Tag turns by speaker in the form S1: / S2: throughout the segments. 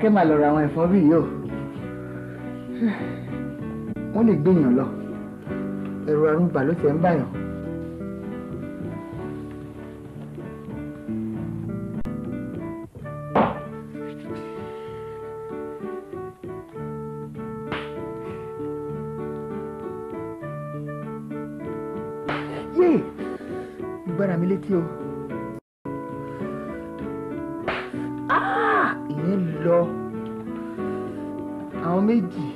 S1: kẹ́ máa lọ ra àwọn ẹ̀fọn bíi yóò wọ́n lè gbìyàn lọ ẹ̀rù àrùn bà ló tẹ̀ ń bàyàn. yé gbára mi létí o ah! ìyẹn lọ àwọn méjì.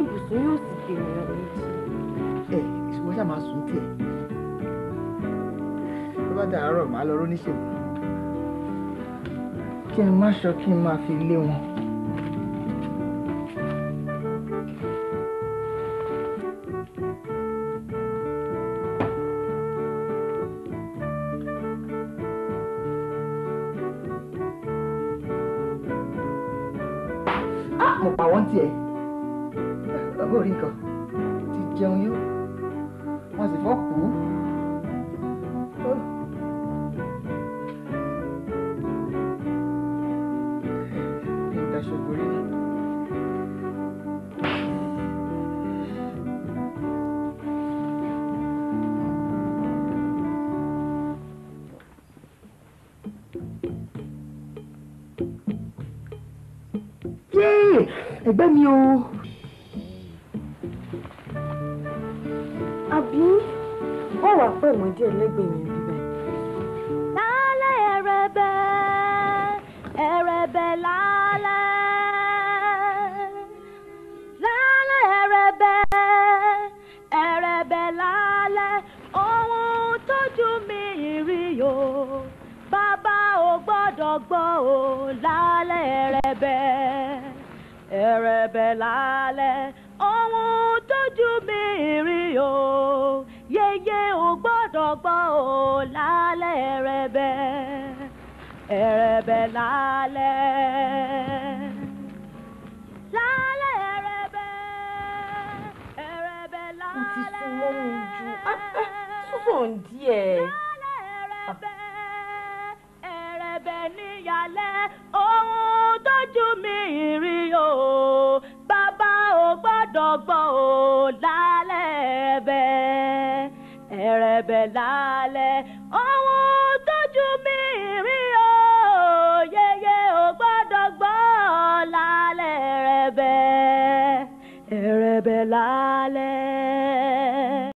S1: ibùsùn yóò sì dé ìrìn méjì. ẹ ìṣòwò ṣáà máa sùn tiẹ̀ tó bá dàárọ̀ màá lọ róníṣègùn kí n má sọ kí n máa fi lé wọn. Ah, mo pa wọ́n tiẹ̀ bàbá orí nǹkan ti jẹun yó wọ́n sì fọ́ kú. ìdàṣọ̀gbọ̀n rí ni. ẹgbẹ́ mi o. àbí ó wàá pẹ̀ mọ́ díẹ̀ lẹ́gbẹ̀ẹ́ yẹn bíbẹ̀. lálẹ́ ẹ̀rẹ̀bẹ̀ ẹ̀rẹ̀bẹ̀ lálẹ́ bàbá ò gbọ́dọ̀ gbọ́ o lálẹ́ ẹ̀rẹ̀bẹ̀ bẹ̀bẹ̀ lálẹ́ ohun tójú mi rí o yeye ò gbọ́dọ̀ gbọ́ o lálẹ́ ẹ̀rẹ̀bẹ̀ ẹ̀rẹ̀bẹ̀ lálẹ́. lálẹ́ ẹ̀rẹ̀bẹ̀ ẹ̀rẹ̀bẹ̀ lálẹ́. mo ti sún lọ́rùn ju sùn ah, ah, díẹ̀. níyàlẹ́ o fojú mi rí o bàbá ò gbọ́dọ̀ gbọ́ o lálẹ́ bẹ́ẹ̀ ẹ̀rẹ̀bẹ̀ lálẹ́ ohun tójú mi rí o yẹyẹ ò gbọ́dọ̀ gbọ́ o lálẹ́ ẹ̀rẹ̀bẹ̀ ẹ̀rẹ̀bẹ̀ lálẹ́.